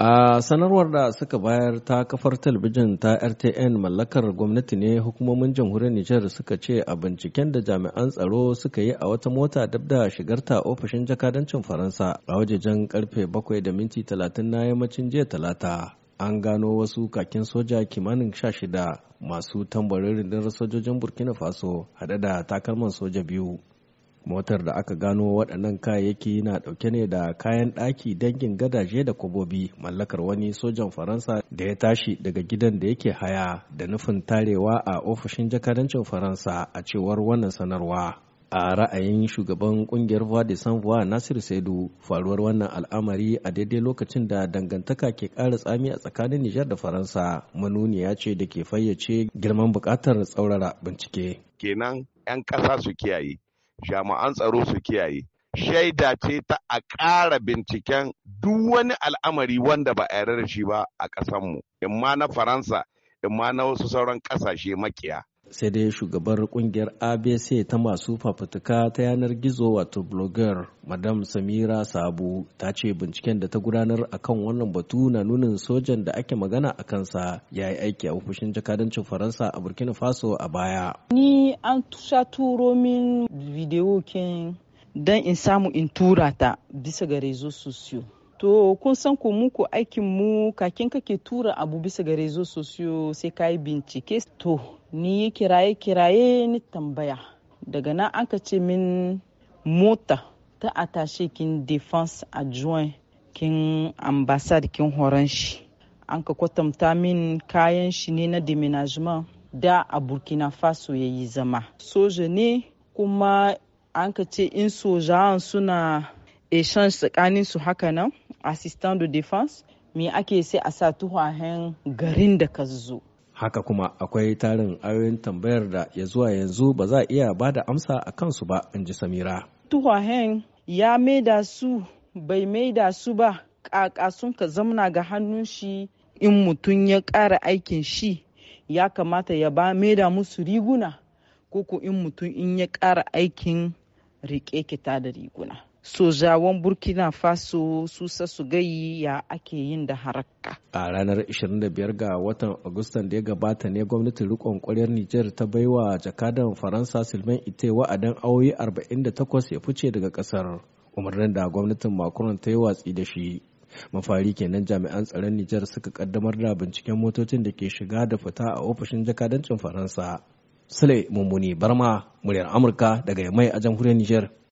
A sanarwar da suka bayar ta kafar talabijin ta RTN mallakar gwamnati ne hukumomin jamhuriyar Nijar suka ce a binciken da jami'an tsaro suka yi a wata mota dab da shigarta ofishin jakadancin Faransa a wajejen karfe 7 da minti 30 na yammacin jiya talata. An gano wasu kakin soja kimanin sha shida, masu tambarin rundunar sojojin Burkina Faso haɗe da takalman soja biyu. motar da aka gano waɗannan kayayyaki na ɗauke ne da kayan ɗaki dangin gadaje da kwabobi, mallakar wani sojan faransa da ya tashi daga gidan da yake haya da nufin tarewa a ofishin jakadancin faransa a cewar wannan sanarwa a ra'ayin shugaban kungiyar voix de saint nasiru saidu faruwar wannan al'amari a daidai lokacin da dangantaka ke ƙara tsami a tsakanin nijar da faransa manuniya ce da ke fayyace girman buƙatar tsaurara bincike kenan 'yan ƙasa su kiyaye jami'an tsaro su kiyaye shaida ce ta a ƙara binciken duk wani al'amari wanda ba a yarda da shi ba a ƙasanmu in ma na faransa in ma na wasu sauran ƙasashe makiya sai dai shugabar kungiyar abc ta masu fafutuka ta yanar gizo wato blogger madam samira sabu ta ce binciken da ta gudanar akan wannan batu na nunin sojan da ake magana a kansa ya yi aiki a ofishin jakadancin faransa a burkina faso a baya ni an sha turo min bidiyo don in samu in tura ta bisa ga rezo sosiyo to kun san ku muku ku aikin mu kakin kake tura abu bisa ga rezo sosiyo sai ka yi bincike to ni yi kiraye kiraye ni tambaya daga nan ka ce min mota ta atashe kin defense adjoint kin ambassade kin horon shi an ka kwatanta min kayan shi ne na deménagement da a burkina faso ya yi zama soja ne kuma an ka ce in soja suna exchange tsakanin su haka nan assistant de defense me ake sai a sa tuhahen garin da ka zo haka kuma akwai tarin ayoyin tambayar da ya zuwa yanzu ba za a iya ba da amsa a kansu ba in ji samira tuhahen ya maida su bai maida su ba ƙaƙa sun ka zamna ga hannun shi in mutum ya ƙara aikin shi ya kamata ya ba maida musu riguna ko in mutum in ya ƙara aikin riƙe kita da riguna sojawan burkina faso su su gayi ya ake yin da haraka a ranar 25 ga watan agustan da ya gabata ne gwamnatin rikon kwaryar nijar ta baiwa jakadan faransa sylvain ite wa'adin awoyi 48 ya fice daga kasar umarnin da gwamnatin macron ta yi watsi da shi mafari kenan jami'an tsaron nijar suka kaddamar da binciken motocin da ke shiga da fita a ofishin jakadancin faransa sule mummuni barma muryar amurka daga mai a jamhuriyar nijar